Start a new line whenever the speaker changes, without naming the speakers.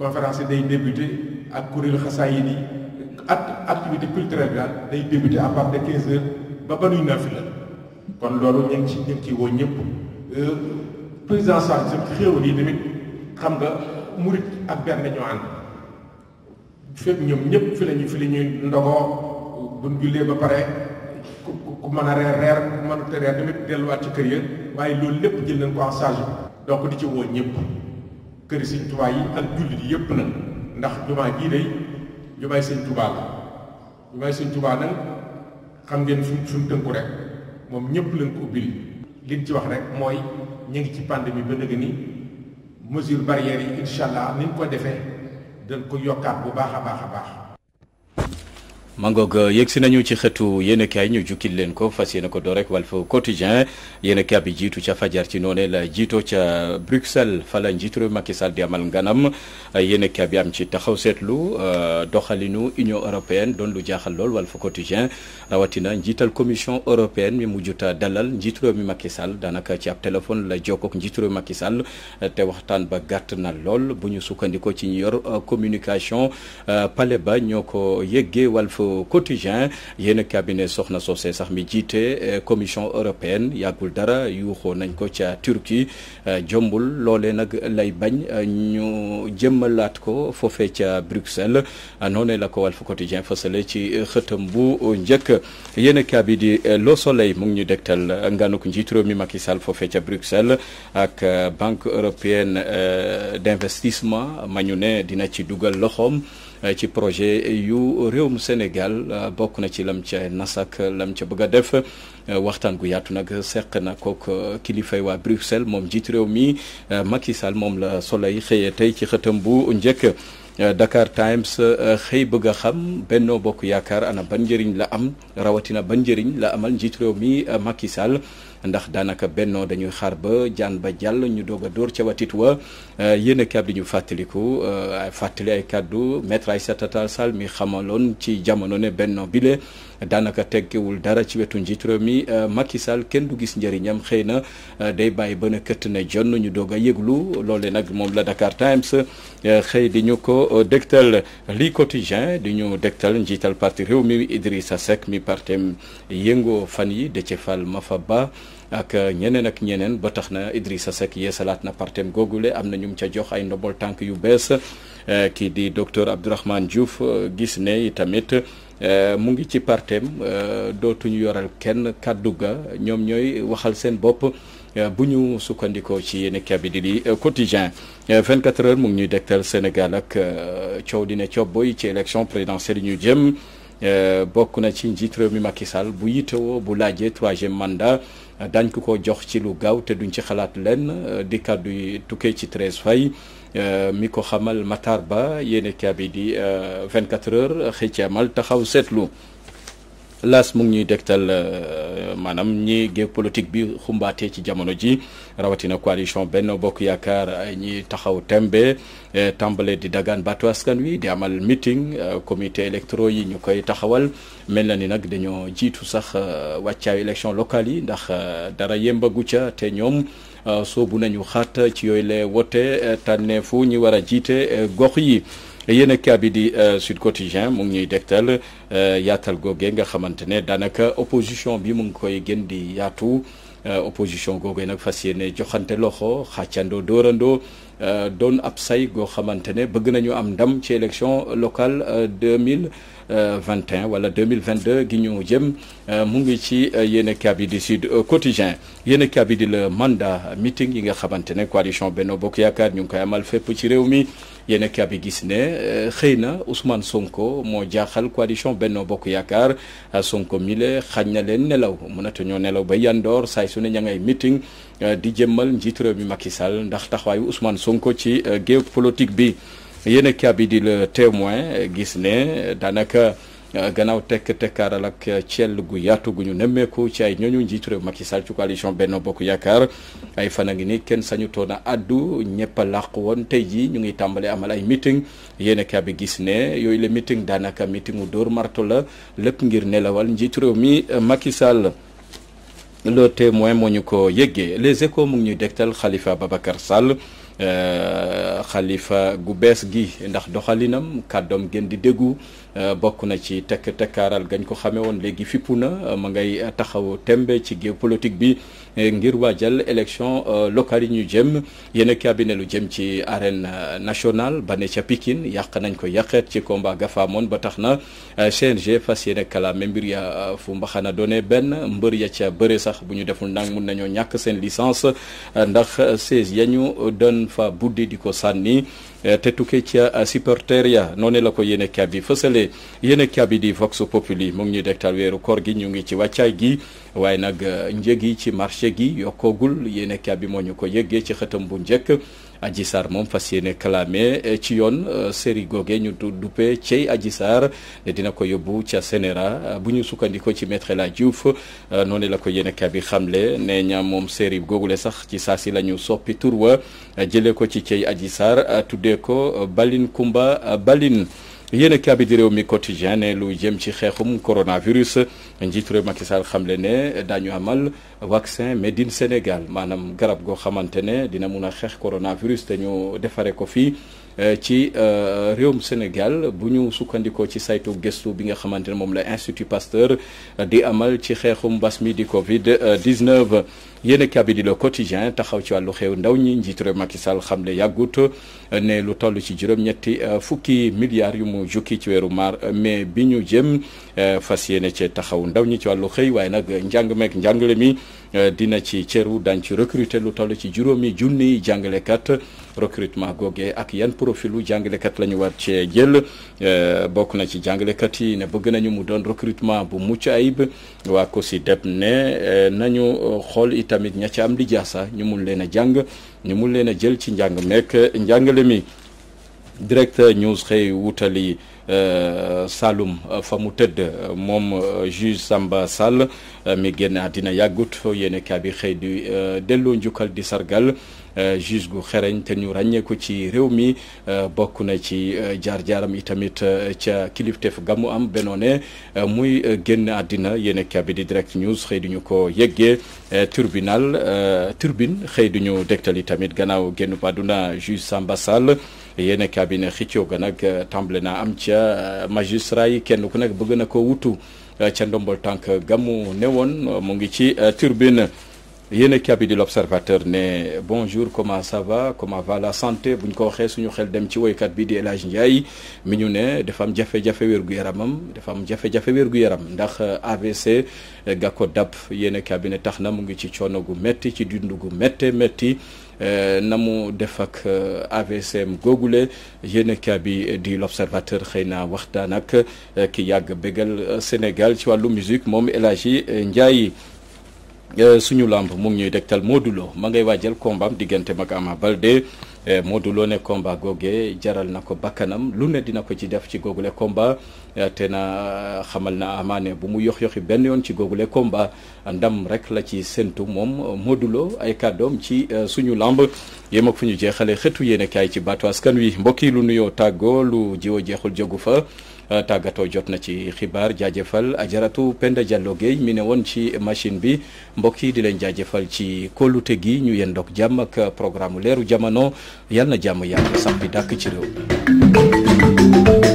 conférence yi day débuté ak kuréelu xasaayid yi ak activité culturelle bi daal day débuté à partir de 15 heures ba ba nuy naaf la kon loolu ñu ngi ci ñu ngi ci woo ñëpp euh, président Sall ci xéewal yi tamit xam nga murit ak benn ñoo ànd fépp ñoom ñëpp fi la ñu fi la ñuy ndogoo buñ jullee ba pare ku ku mën a reer reer ku mënut reer tamit delluwaat ci kër ya waaye loolu lépp jël nañ ko en charge donc di ci woo ñëpp. kër sëñ Tuubaa yi ak jullit yépp la ndax jumaa jii day jumaay sëñ Tuubaa la jumaay sëñ Tuubaa nag xam ngeen suñ suñ tënku rek moom ñëpp lañ ko ubbil liñ ci wax rek mooy ñu ngi ci pandémie ba nëgë ni mesure barrière yi incha allah ni ko defee dañ ko yokkaat bu baax a baax a baax mangoog euh, yëgsi nañu ci xetu yéen kaay ñu jukkil leen ko fas yéene ko door rek Walf Quotidien yéen kaay bi jiitu ca fajar ci noone la jiito ca Bruxelles fa la njiitu réew Macky Sall di amal nganam euh, yéen kaay bi am ci taxaw seetlu euh, doxalinu Union européenne doon lu jaaxal lool Walf Quotidien rawatina njiital commission européenne mi mujjuta dalal njiitu mi Macky Sall daanaka ci ab téléphone la jokkook njiitu réew Macky te waxtaan ba gàtt na lool bu ñu sukkandikoo ci ñu yor communication pale ba ñoo ko quotidien yéen cabinet soxna soosé sax mi jiite eh, commission européenne yàggul dara yuuxoo nañ ko ca Turquie eh, jombul loole nag lay bañ eh, ñu laat ko foofee ca Bruxelles noonee la ko Walf Quotidien fësale ci xëtam bu njëkk yenn kaabi di Le Soleil mu ñu dégtal nganuk njiitu réew mi Macky Sall foofee ca Bruxelles ak banque européenne d'investissement ma ñu ne dina ci dugal loxoom Eh, ci projet yu réew réewum Sénégal eh, bokk na ci lam ca nasak lam ca bëgg a def eh, waxtaan gu yaatu nag seq na kook kilifay waa Bruxelles moom jiit réew mi Macky Sall moom la Soleil xëyee tey ci xëtam bu njëkk Dakar Times xëy bëgg a xam Benno Bokk Yaakaar ana ba njëriñ la am rawatina ba njëriñ la amal njiit réew mi Macky ndax daanaka bennoo dañuy xaar ba jaan ba jàll ñu doog a dóor ca watit wa euh, yéen a kab di ñu fàttaliku euh, fàttali ay kàddu maître Aïssata Tall Sall mi xamaloon ci jamono ne bennoo bile daanaka teggewul dara ci wetu njiit réew mi euh, Macky Sall kenn du gis njëriñam xëy na day bàyyi ba na këtt ne jonn ñu doog a yëglu loole nag moom la Dakar Times xëy di ñu ko dégtal lii quotidien di ñu dégtal njiital parti réew mi Idrissa Seck mi partem yëngoo fan yi de Fall Mafa Ba ak ñeneen ak ñeneen ba tax na Idrissa Seck salaat na partem googule am na ñu mu ca jox ay ndombol tànk yu bees eh, kii di docteur Abdourahmane Diouf eh, gis ne tamit eh, mu ngi ci partem dootuñu yoral kenn kàddu ga ñoom ñooy waxal seen bopp bu ñu sukkandikoo ci yéen bi di di quotidien 24 heures mu ngi ñuy dektal Sénégal ak coow ne coow boy ci élection présidentielle yi ñu jëm Euh, bokk na ci njiit réew mi Macky Sall bu yitewoo bu laajee troisième mandat dañ ko ko jox ci lu gaaw te duñ ci xalaat lenn euh, di kàddu yi tukkee ci Thérèse Faye euh, mi ko xamal Matar Ba yéene kaabi di 24 heures xëy ci amal taxaw seetlu. laas mu ngi ñuy dégtal euh, maanaam ñi géew politique bi xumbaatee ci jamono ji rawatina coalition benn Bokk Yaakaar ñi taxaw tembe euh, tàmbale di dagaan baatu wi di amal meeting euh, comité électro yi ñu koy taxawal mel na ni nag dañoo jiitu sax wàccaayu élection locale yi ndax dara yembagu ca te ñoom soobu nañu xaat ci yooyu la wote tànneefu ñi war a jiite gox yi. yéen a kaa bi di euh, Sud Quotidien mu ngi ñuy dégtal euh, yaatal googe nga xamante ne daanaka opposition bi mu ngi koy gën di yaatu euh, opposition googe nag fas yéene joxante loxo xàccandoo dóorandoo. Euh, doon ab say goo xamante ne bëgg nañu am ndam ci élection locale euh, deux mille euh, vingt et un wala deux mille vingt deux gi ñu jëm mu ngi ci yéen kabi di Sud Quotidien yéen kabi di le mandat meeting yi nga xamante ne coalition Benno Bokk Yaakaar ñu ngi koy amal fépp ci réew mi. yéen kabi gis ne xëy na Ousmane Sonko moo jaaxal coalition Benno Bokk Yaakaar Sonko mile xañ na leen nelaw mënatuñoo nelaw ba yandoor saay su ne ña ngay meeting. Euh, di jëmmal njiitu réew mi Macky Sall ndax taxawaayu Ousmane Sonko ci euh, géew politique bi yéen a kii di le témoin euh, gis ne daanaka gannaaw tekk tekkaaral ak ciel gu yaatu gu ñu nemmeeku ci ay ñooñu njiitu réew Macky Sall ci coalition Benno Bokk Yaakaar ay fan a ngi ni kenn sañu toon a addu ñëpp a làq woon tey jii ñu ngi tàmbale amal ay meeting yéen bi gis ne yooyu le meeting daanaka meetingu dóor marto la lépp ngir nelawal njiitu réew mi Macky Sall. le témoin moo ñu ko yëgee les échos mu ngi ñuy dégtal Khalifa Babacar Sall xalifa euh, gu bees gi ndax doxalinam kàddoom gën di déggu Euh, bokk na ci tekk tekkaaral gañ ko xamee woon léegi fippu na euh, ma ngay taxaw tembe ci géopolitique bi euh, ngir waajal élection locale yi ñu jëm yéen cabinet lu jëm ci arène nationale ba ne ca Pikine yàq nañ ko yàqeet ci combat gafa ba tax na CNG fas yéene la mbir ya fu mbaxana doone benn mbër ya ca bëre sax bu ñu deful ndang mun nañoo ñàkk seen licence ndax 16 ya ñu doon fa buddi di ko sànni Eh, te tukkee ci eh, ya noonu la ko yéenekaay bi fësale yéenekaay bi di Vox Populi mu ngi ñuy dektal weeru koor gi ñu ngi ci wàccaay gi waaye nag eh, njëg yi ci marché gi yokkoogul yéenekaay bi moo ñu ko yëggee ci xëtam bu njëkk Adji Sarr moom fas yéene clamé eh, ci yoon eh, série googee ñu duppee Cey Adji Sarr dina ko yóbbu ca CNRA eh, bu ñu sukkandikoo ci maître la Diouf noonu la ko yéene kaay bi xamle ne ña moom série googule sax ci saa si la ñu soppi tur wa jëlee ko ci Cey Adji Sarr tuddee ko Balin Kumba Balin yéene kaay di réew mi quotidien ne lu jëm ci xeexum coronavirus njiitu réew Macky Sall xamle ne daañu amal vaccin made in Sénégal maanaam garab goo xamante ne dina mun a xeex coronavirus te defaree ko fii eh, ci eh, réewum Sénégal bu ñu sukkandikoo ci saytu gëstu bi nga xamante ne moom la Institut Pasteur eh, di amal ci xeexum mbas mi di Covid 19. yéen kabi di Le taxaw ci wàllu xew ndaw ñi njiitu réew Macky Sall xam ne yàggut ne lu toll ci juróom-ñetti fukki milliards yu mu jukki ci weeru maar mais bi ñu jëm fas yéene cee taxaw. ndaw ñi ci wàllu xëy waaye nag njàng meek njàngale mi euh, dina ci cëru dañ ci recruter lu toll ci juróomi junniy jàngalekat recrutement googee ak yan wu jàngalekat la ñu war cee jël euh, bokk na ci jàngalekat yi ne bëgg nañu mu doon recrutement bu mucc ayib waa COSYDEP ne euh, nañu xool itamit ña ci am lijaasa ñu mun leen a jàng ñu mun leen a jël ci njàng meek njàngale mi Direct News xëy wutali euh, Saloum euh, fa mu tëdd moom euh, juge Samba Sall mi génn àddina yàggut yéene kaa bi xëy di delloo njukkal di sargal juge gu xereñ te ñu ràññeeku ci réew mi bokk na ci jaar-jaaram itamit ca kilifteef gamu am bennoone muy génn àddina yéene kaa bi di Direct News xëy di ñu ko yëggee tribunal turbine xëy du ñu dégtal itamit gannaaw génn àdduna juge Samba Sall yéen a bi ne xëccoo ga nag euh, tàmbale naa am ca euh, magistrat yi kenn ku nekk bëgg na ko wutu euh, ca ndombol tànk gamu ne woon mu ngi ci turbine yéen a cabinet l' observateur ne bonjour comment ça va comment va la santé bu ñu ko waxee suñu xel dem ci woykat bi di El Hadj Ndiaye mi ñu ne dafa am jafe-jafe wér-gu-yaramam dafa am jafe jafe yaram ndax AVC gàkko dab yéen a cabinet tax na mu ngi ci coono gu métti ci dund gu métte métti euh, na mu def ak euh, AVCM googule yéen a cabinet di l' observateur xëy na waxtaan ak euh, ki yàgg bégal Sénégal ci wàllu musique moom El Hadj Eh, suñu làmb mu ñuy degtal Modou Lo ma ngay waajal kombaam diggante mag Ama Balde eh, Modou Lo ne combat googe jaral na ko bakkanam lu ne dina ko ci def ci googule komba eh, te na xamal na Ama bu mu yox yoxi benn yoon ci googule komba ndam rek la ci séntu moom Modou Lo ay kàddoom ci suñu làmb yéem ak fu ñu jeexale xëtu yéene kaay ci baatu askan wi mbokk yi lu nuyoo tàggoo lu jiwo jeexul jógu fa tàggatoo jot na ci xibaar jaajëfal jaratu Penda Diallo Guèye mi ne woon ci machine bi mbokk yi di leen jaajëfal ci kóolute gi ñu yendoog jàmm ak programme leeru jamono yal na jàmm yàgg sax bi dàkk ci réew